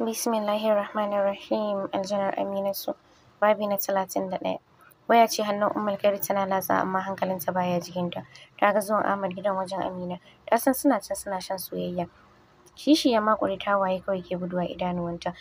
Bismillahirrahmanirrahim. Rahmanir Rahim. Aljanar Aminatu. Babi na talatin da ɗaya. Waya ce hannun Umar Kairi tana latsa amma hankalinta baya jikinta. Ta ga zuwan Ahmad gidan wajen Amina. Ta san suna can suna shan soyayya. Shishi ya makure ta waye kawai ke guduwa idanuwanta.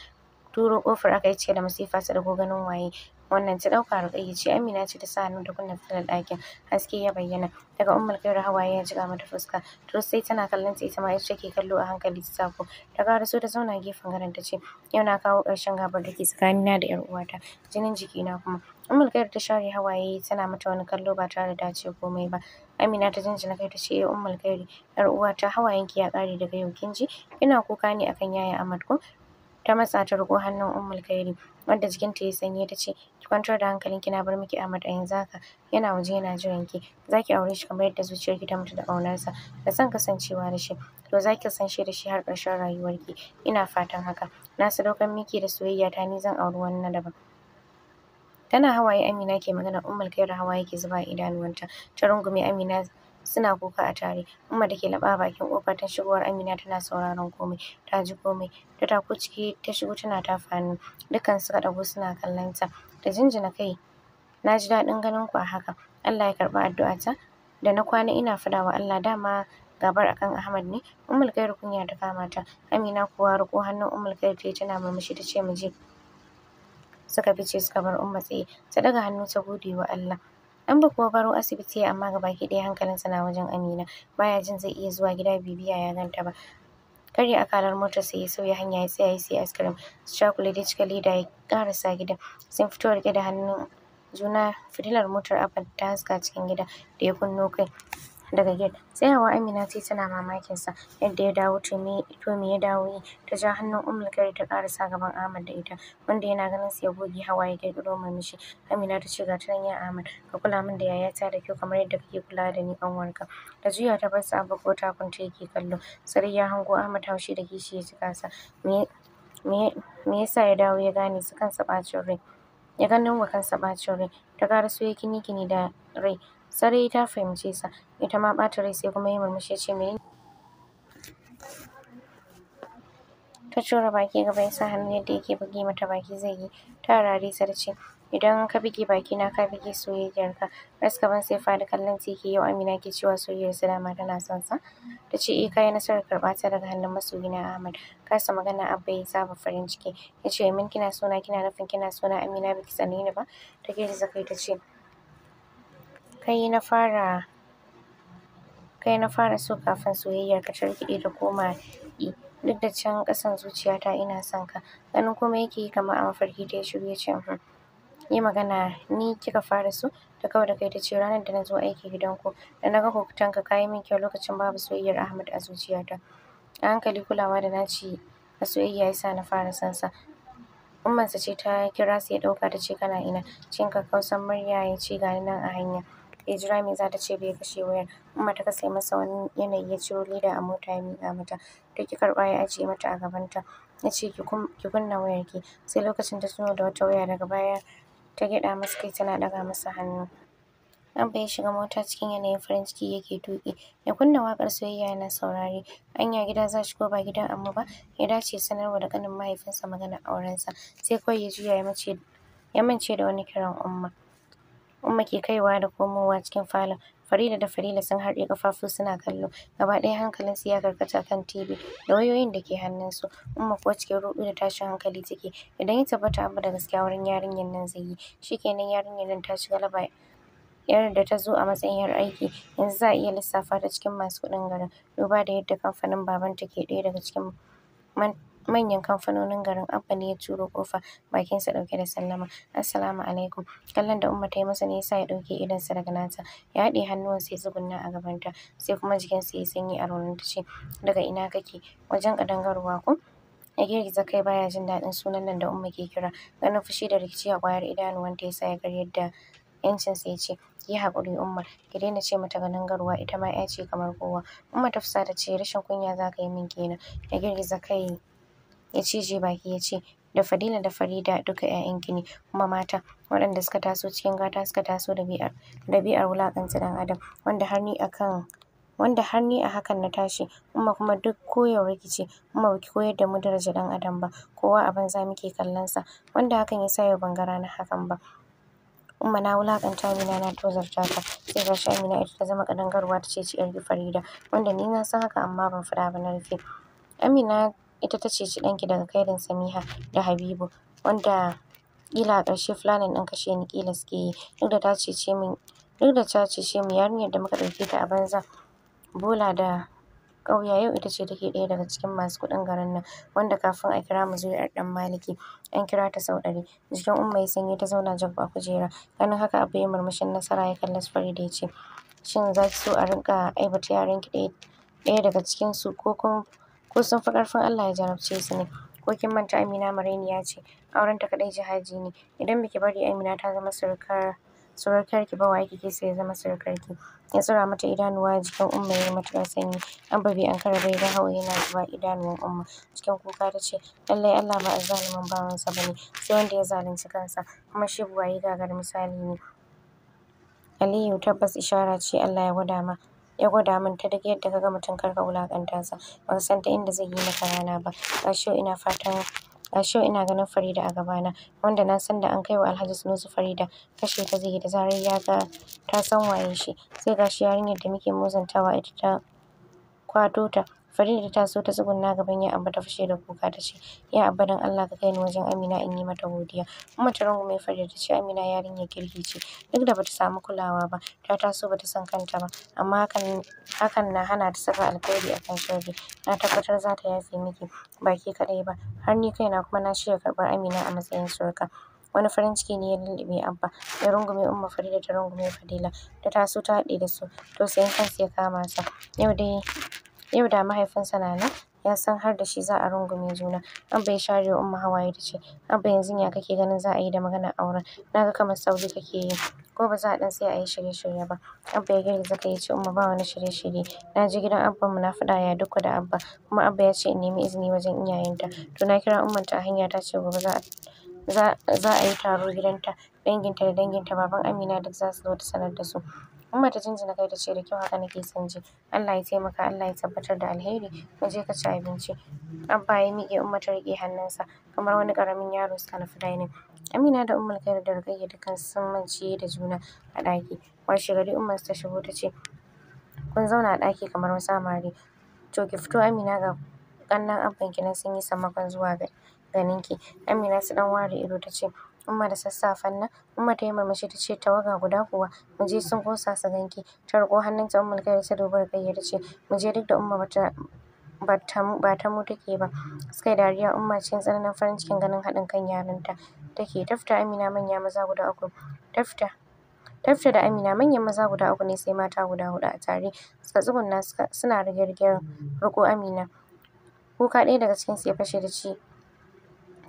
Turo kofar aka yi cike da masifa ta dago ganin waye. wannan ta ɗauka Rukayya ce Amina ce ta sa hannu da kunna fitilar ɗakin haske ya bayyana daga Ummul Kaira hawaye ya jiga mata fuska to sai tana kallon ta ita ma ita take kallo a hankali ta sako ta ƙara so ta zauna gefen garin ta ce yau na kawo ƙarshen gabar da ke tsakanina da ƴar uwata jinin jikina kuma Ummul Kaira ta share hawaye tana mata wani kallo ba tare da ce komai ba Amina ta jinjina kai ta ce eh Ummul yar ƴar uwata hawayenki ya ƙare daga yau kin ji ina kuka ne akan yaya Ahmad ko ta matsa ta riƙo hannun Ummul jikin ta jikinta sanye sanyi ce, ki kwantar da hankalin kina bar miki Ahmad a yanzu haka yana waje yana jiran ki zaki aure shi kamar yadda ki ta mutu da sa da san kasancewa da shi to zaki kasance da shi har ƙarshen ki ina fatan haka na sadaukar miki da soyayya ta ni zan auri wani na daban tana hawaye Amina ke magana Ummul hawa hawaye ke zuba a idanuwanta ta rungume Amina suna kuka a tare umma da ke laɓa bakin ƙofa ta shigowar amina tana sauraron komai ta ji komai ta tako ciki ta shigo tana tafa hannu dukkan suka ɗago suna kallon ta da jinjina kai na ji daɗin ganin ku a haka Allah ya karɓi addu'a ta. da na kwana ina faɗawa Allah dama gabar akan Ahmad ne Ummul Khairu kunya ta kama ta Amina kuwa riko hannun Ummul Khairu tayi tana murmushi tace mu je suka fice suka bar Umma tsaye ta ɗaga hannu ta gode wa Allah an ba kuwa baro asibiti ya amma gabaki ɗaya hankalinsa na wajen Amina. Baya jin zai iya zuwa gida bibiya ya ganta ba. Karya kalar motar sai ya sauya hanya ya tsaya ya ice cream. Su cakulet ya cika leda ya karasa gidan. Sun fito rike da hannun juna. Fitilar motar Abba ta haska cikin gida da ya kunno kai. daga gate. hawa Amina ce tana mamakinsa yadda ya dawo to me ya dawo yi. Ta ja hannun Ummul kai ta sa gaban Ahmad da ita wanda yana ganin sa ya goge hawaye ya ƙirƙiro murmushi. Amina tace ga tunan ya Ahmad ka kula min da yayata da kyau kamar yadda kake kula da ni warka. Ta juya ta bar sa a ta yake kallo. Sarai ya hango Ahmad haushi da kishi ya cika sa. Me me yasa ya dawo ya gane su kansa bacin rai. Ya ganin wa kansa ɓacin rai. Ta su ya kini kini da rai Sarai ta fahimce sa, ita ma ɓata rai sai kuma ya murmushi ya ce mene ta cura baki gaba ya sa hannu yadda yake buge mata baki zai yi ta rari sa ce idan ka buge baki na ka buge soyayyar ka ras ban sai fadi kallon ta yake yau Amina ke cewa soyayyar su dama tana son sa ta ce eh kai nasarar karɓa ta daga hannun na Ahmad kasa magana abba ya saba farin ciki ya ce min kina na kina nufin kina na Amina baki sani ni ba ta da zakai ta ce kai na fara kai na fara so kafin soyayyar ka tarke rikiɗe ta koma i Duk da can ƙasan zuciyata ina son ka. Ganin kuma yake yi kamar a mafarki ta yi shiru ya ce hmm, Yi magana ni kika fara so? Ta kau da kai ta ce ranar da na zo aiki gidanku da na ga hotonka ka yi min kyau lokacin babu soyayyar Ahmad a zuciyata. A hankali kulawa da naci a soyayya ya sa na fara son sa. Ummansa ce ta kira su ya ɗauka ta ce kana ina? Cikin kakkausan murya ya ce ga nan a hanya. ya jira me za ta ce bai kashe wayar umma ta kasa masa wani yanayi ya ciro leda a mota ya miƙa mata ta ki karɓa ya ajiye mata a gabanta ya ce ki kunna wayar ki sai lokacin ta tuno da wata waya daga baya ta gyaɗa masa kai tana ɗaga masa hannu Abba ya shiga mota cikin yanayin farin ciki yake tuƙi. Ya kunna waƙar soyayya yana saurari Anya gida za shi ko ba gidan amma ba. Ya dace sanarwa da ƙanin mahaifinsa maganar aurensa. Sai kawai ya juya ya mace ya mance da wani kiran umma. Umma ke kaiwa da komowa cikin falon. Farida da Farila sun haɗe kafafu suna kallo. Gaba ɗaya hankalin su ya karkata kan TV da wayoyin da ke hannun hannunsu. Umma kuwa cikin ruɗu da tashin hankali take. Idan ya tabbata abu da gaskiya wurin yarinyar nan zai yi. Shikenan yarinyar nan ta shiga galaba. Yar da ta zo a matsayin yar aiki yanzu za a iya lissafa ta cikin masu kuɗin garin. Duba da yadda kamfanin babanta ke ɗaya daga cikin man manyan kamfanonin garin Abba ne ya turo ƙofa, bakinsa ɗauke da sallama. Assalamu alaikum. Kallon da Umma ta yi masa ne ya sa ya ɗauke daga nata. Ya haɗe hannuwan sai tsugunna a gabanta, sai kuma jikin ya sanyi a raunin ta ce, daga ina kake? Wajen ƙadangarwa ko? ya girgiza kai baya jin daɗin sunan nan da Umma ke kira. Ganin fushi da rikici a ƙwayar idanuwanta ya sa ya garyar da ‘yancinsa ya ce, yi haƙuri Umma, ki daina ce mata ganin garwa ita ma ‘ya ce kamar kowa. Umma ta fusata ce, rashin kunya za ka yi min kenan. Ya girgiza kai ya cije baki ya ce da Fadila da Farida duka 'ya'yan gini kuma mata waɗanda suka taso cikin gata suka taso ɗabi'ar ɗabi'ar wulaƙanta ɗan adam wanda har ni akan wanda har ni a hakan na tashi kuma kuma duk koyarwa rikici kuma baki koyar da mu daraja ɗan adam ba kowa a banza muke kallon sa wanda hakan ya yau ban ga ranar hakan ba umma na wulaƙanta Amina na tozarta ta sai shi Amina ita ta zama ƙadangarwa ta ci 'yarki Farida wanda ni na san haka amma ban faɗa ba na rufe Amina ita ta ci ɗanki daga kairin Samiha da Habibu wanda ƙila a ƙarshe planning ɗin kashe ni ƙila suke yi duk da ta cece min duk da ta cece mu yarinyar da muka ɗauke ta a banza bola da ƙauya yau ita ce take ɗaya daga cikin masu kuɗin garin nan wanda kafin a kira mu zuri'ar ɗan maliki an kira ta sau ɗari jikin umma ya sanyi ta zauna jab a kujera ganin haka abu ya murmushin nasara ya kalli fari da ya ce shin za ki so a rinƙa aibata yarinki ɗaya ɗaya daga cikin su ko kuma ko sun fi ƙarfin Allah ya jarabce su ne. Ko kin manta Amina marainiya ce, aurenta kaɗai jihaji ne, idan baki bari Amina ta zama surukar ki ba wa kike so ya zama ki Ya tsira mata idanuwa jikin Umma ya yi matuƙar sanyi, An bai an ba bai ga hawaye yana zuba idanuwan Umma. Cikin kuka ta ce, lallai Allah ba azzalumin bawansa ba ne, sai wanda ya zalunci kansa, kuma shi buwaye gagar misali ne. Aliyu tabbas ishara ce Allah ya gwada ma ya gwada min ta duk yadda ka ga mutum kar ka wulakanta sa ba ka san ta inda zai yi maka rana ba gashi ina fatan gashi ina ganin Farida a gabana wanda na san da an kai wa Alhaji Sunusi Farida kashe ta zai yi da zarar ya ga ta san waye shi sai gashi yarinyar da muke muzantawa ita ta kwato ta Farida ta so ta tsuguna gaban ya Abba ta fushe da kuka ta ce, "Ya Abba dan Allah ka kai ni wajen Amina in yi mata godiya." Umma ta rungume Farida ta ce, "Amina yarinyar kirki ce, duk da bata samu kulawa ba, ta taso bata san kanta ba, amma hakan hakan na hana ta saka alkhairi akan sharri. Na tabbatar za ta yafe miki, ba ke kaɗai ba, har ni kaina kuma na shirya karɓar Amina a matsayin suruka." Wani farin ciki ne ya lulluɓe Abba, ya rungume Umma Farida ta rungume Fadila, ta taso ta haɗe da su, tausayin kansu ya kama sa. Yau dai Yau da mahaifinsa na nan, ya san har da shi za a rungume juna. Abba ya share wa Umma hawaye ta ce, Abba yanzu ya kake ganin za a yi da maganar auren? Na ga kamar sauri kake yi. Ko ba za a ɗan sai a yi shirye-shirye ba? Abba ya girgiza ka ya ce, Umma ba wani shirye-shirye. Na je gidan mu na faɗa ya dukku da Abba, kuma Abba ya ce in nemi izini wajen iyayenta. To na kira ta a hanya ta ce gobe za za a yi taro gidanta. Danginta da danginta Baban Amina duk za su zo ta sanar da su. Umma ta jinjina kai ta ce da kyau haka nake son ji. Allah ya taimaka Allah ya tabbatar da alheri. Mu je ka ci abinci. Abba ya miƙe Umma ta riƙe hannunsa kamar wani ƙaramin yaro suka nufi dining. Amina da Ummul Khair da Rukayya dukkan sun manci da juna a ɗaki. Washe gari Umma ta shigo ta ce kun zauna a ɗaki kamar wasu samari. To ki fito Amina ga ƙannen abbanki nan sun yi sammakon zuwa ganinki. Amina su ɗan ware ido ta ce Umma da sassafen nan? Umma ta yi murmushi ta ce tawaga guda kuwa, mu je sun kosa su ganki. Ta riko, hannunta Ummul Khair ta dubar Ruqayyah ta ce mu je duk da Umma bata ta ba ta mu take ba. Suka yi dariya Umma cikin tsananin farin cikin ganin haɗin kan yarinta take. tafta Amina manya maza guda uku. tafta tafta da Amina manyan maza guda uku ne sai mata guda huɗu a tare. Suka tsugunna suna rigirgiyar riƙo Amina. Kuka ɗaya daga cikinsu ya fashe da ci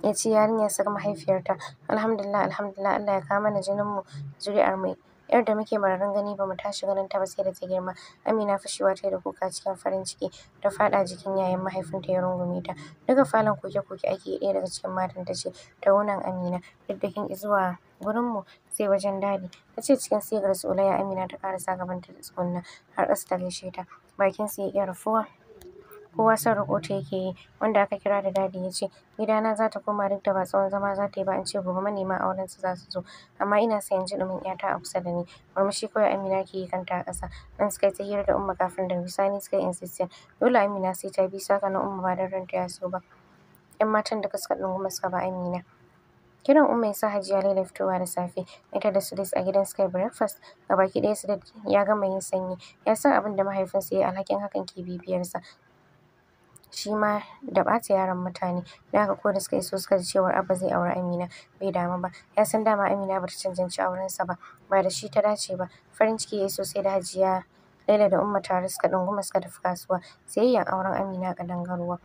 ya ce yarinyar sar mahaifiyarta. Alhamdulillah, alhamdulillah Allah ya kama kawo mu. zuri'ar mai ‘Yar da muke mararin gani ba mu tashi ganin ta ba sai da ta girma. Amina fashewa ta da kuka cikin farin ciki ta faɗa jikin yayin mahaifinta ya rungume ta. Daga falon koke-koke ake yi daga cikin matan ta ce ta wunan Amina duk da kin mu sai wajen dadi. Ta ce cikin sigar tsolaya Amina ta gaban gabanta da tsugunna har ƙasa ta gaishe ta. Bakinsa ya rufuwa. kowa son raƙota yake yi, wanda aka kira da Dadi ya ce, "Gidana za ta koma duk da ba tsawon zama za ta yi ba an ce gobe manema su za su zo, amma ina son in ji ɗumin 'yata a kusa da ni." Murmushi kawai Amina ke yi kanta a ƙasa. Nan suka yi ta hira da Umma kafin da bisani suka yi insistin. Dole Amina sai ta bi saka na Umma ba don ranta ya so ba. 'Yan matan da suka ɗunguma suka ba Amina. Kiran Umma ya sa Hajiya Laila fitowa da safe, ita da sulis a gidan Sky Breakfast, baki ɗaya Sudais ya gama yin sanyi, ya san abin da mahaifinsa ya yi alhakin hakan ke bibiyarsa, shi ma da ɓata yaran mutane. Don haka ko da suka iso suka ji cewa Abba zai auri Amina bai damu ba. Ya san dama Amina bata ta cancanci aurensa ba, ba da shi ta dace ba. Farin ciki ya yi sosai da Hajiya Laila da Umma tare suka ɗunguma suka tafi kasuwa siyayyar auren Amina ƙadangaruwa.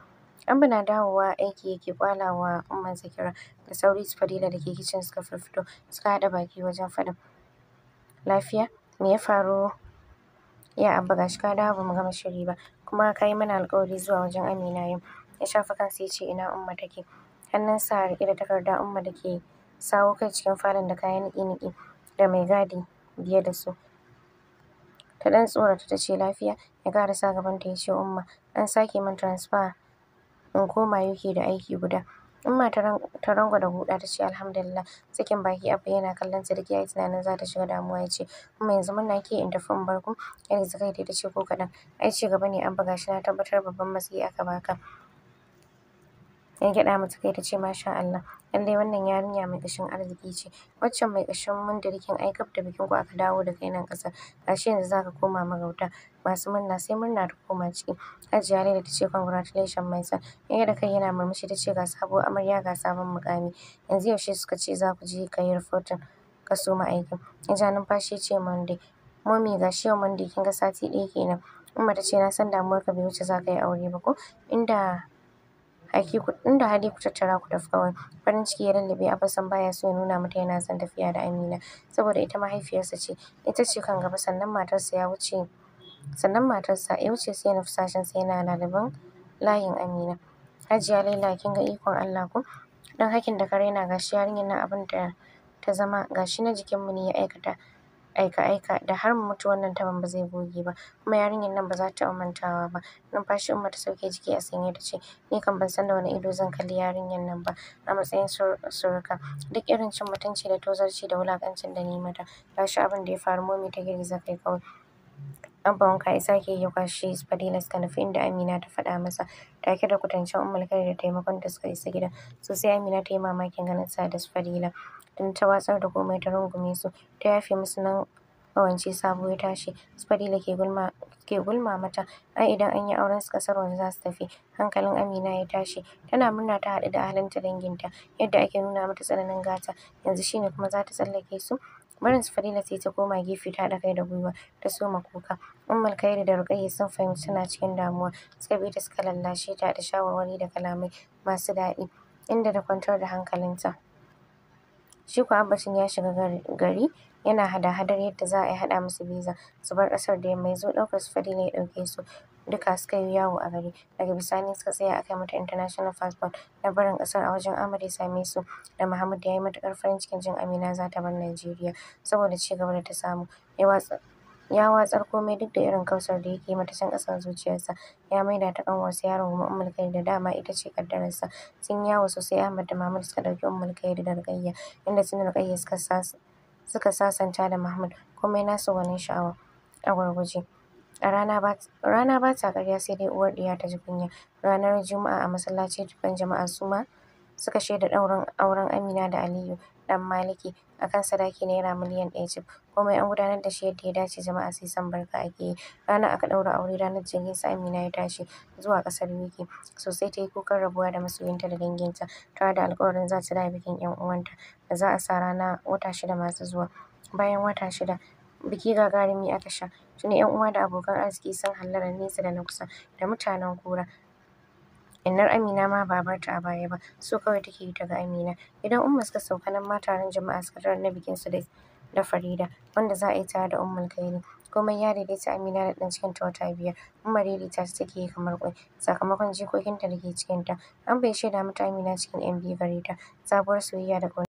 Abba na dawowa aiki yake ƙwala wa Zakira Da sauri su Fadila da ke kicin suka fiffito suka haɗa baki wajen faɗin lafiya me ya faru? Ya Abba gashi ka dawo ba mu gama shiri ba. kuma ka yi mana alƙawari zuwa wajen Amina yau. Ya shafa kansa ya ce ina Umma take. Hannunsa a riƙe da takarda Umma da ke sawo kai cikin falon da kayan niƙe-niƙe da mai gadi biye da su. Ta ɗan tsorata ta ce lafiya? Ya ƙara sa gabanta ya ce Umma an sake min transfer in koma UK da aiki guda. Umma ta rangwada huɗa ta ce alhamdulillah. Sakin baki abu yana kallon ta duk ya tunanin za ta shiga damuwa ya ce Umma yanzu murna kike in tafi in bar ku? Yar kai dai ta ce ko kaɗan. Ai ci gaba ne an buga shi na tabbatar babban matsayi aka baka. Ya gyaɗa mata kai ta ce masha Allah, lallai wannan yarinya mai ƙashin arziki ce. Waccan mai ƙashin mundirkin aikaf da bikin ku aka dawo da kai nan ƙasar, ga yanzu za ka koma marauta. Masu murna sai murna ta koma ciki. Hajiya Laila ta ce congratulations mai san. Ya da kai yana murmushi ta ce ga sabuwar amarya ga sabon mukami. Yanzu yaushe suka ce za ku je ka yi ka kaso ma'aikin. ja numfashi ya ce Monday. Mommy ga yau Monday kin ga sati ɗaya kenan. Umma ta ce na san damuwarka bai wuce za ka yi aure ba ko? Inda hakiku ɗin da hali ku tattara ku tafi wani. farin ciki ya lullube Abasan baya so ya nuna mata yana son tafiya da Amina saboda ita mahaifiyarsa ce ita ce kan gaba sannan matarsa ya wuce sannan matarsa ya wuce sai na fusashin sai yana laliban layin Amina Hajiya Laila kin ga ikon Allah ko dan hakin da ka raina gashi yarinyar nan abin da ta zama gashi na jikinmu ne ya aikata aika-aika da har mu mutu wannan taban ba zai goge ba. Kuma yarinyar nan ba za ta amantawa mantawa ba. Numfashi Umma ta sauke jiki a sanye da ce, Ni kam ban san da wani ido zan kalli yarinyar nan ba a matsayin suruka. Duk irin cin mutunci da tozarci da wulakancin da ni mata. Ga shi abin da ya faru momi ta girgiza kai kawai. Abbanka ya sake yi su Fadila suka nufi inda Amina ta faɗa masa. Take da kwatancen umarkar da taimakon da suka isa gidan. sai Amina ta yi mamakin ganin sa da Fadila. Don ta watsar da komai ta rungume su. Ta yafe musu nan kawance sabo ya tashi. Fadila ke gulma ke gulma mata. Ai idan an yi auren su kasar waje za su tafi. Hankalin Amina ya tashi. Tana murna ta haɗu da ahalinta danginta. Yadda ake nuna mata tsananin gata. Yanzu shine kuma za ta tsallake su. Barinsu Farida sai ta koma gefe ta haɗa kai da gwiwa ta soma kuka. Ummul Khairu da Ruqayyah sun fahimci suna cikin damuwa, suka bi ta suka lallashe ta da shawarwari da kalamai masu daɗi, inda ta kwantar da hankalinta. Shi kuwa Abba ya shiga gari yana hada-hadar yadda za a yi haɗa musu biza su bar ƙasar da yamma, ya zo ɗaukar su fadila ya ɗauke su. duka suka yi yawo a gari. Daga bisani suka tsaya a kai mata international passport na barin ƙasar a wajen Ahmad ya same su da Muhammad ya yi matukar farin cikin jin Amina za ta bar Najeriya saboda ci gaba da ta samu. Ya watsar komai duk da irin kausar da yake mata can kasar zuciyarsa ya maida ta ƙanwarsa yaron kuma Ummul da dama ita ce kaddararsa sun yawo sosai Ahmad da Muhammad suka dauki Ummul Khair da Ruqayyah inda sun Ruqayyah suka sasanta da Muhammad komai nasu gwanin sha'awa a gurguje Rana ba ta ƙarya sai dai uwar ɗiya ta ji kunya. Ranar Juma'a a masallaci dukkan jama'a su ma suka shaida ɗaurin auren Amina da Aliyu Dan Maliki a kan sadaki Naira miliyan ɗaya cif. Komai an gudanar da shi yadda ya dace jama'a sai san barka ake yi. Rana aka ɗaura aure ranar jirgin su Amina ya tashi zuwa ƙasar Wiki. Sosai ta yi kukan rabuwa da masoyinta da danginta tare da alƙawarin za ta dawo bikin 'yan uwanta da za a sa rana wata shida masu zuwa. Bayan wata shida, biki gagarumi aka sha. Tuni 'yan uwa da abokan arziki sun hallara nesa da na kusa da mutanen Kura. Innar Amina ma ba a ta a baya ba, so kawai take yi daga Amina. Idan Umma suka sauka nan ma taron jama'a suka tarar na bikin da da Farida, wanda za a yi tare da Ummul kaini Komai ya daidaita Amina da ɗan cikinta wata biyar. Umma daidaita ta take yi kamar kwai sakamakon jikokinta da ke cikinta. an bai shaida mata Amina cikin 'yan biyu gare ta, sabuwar soyayya da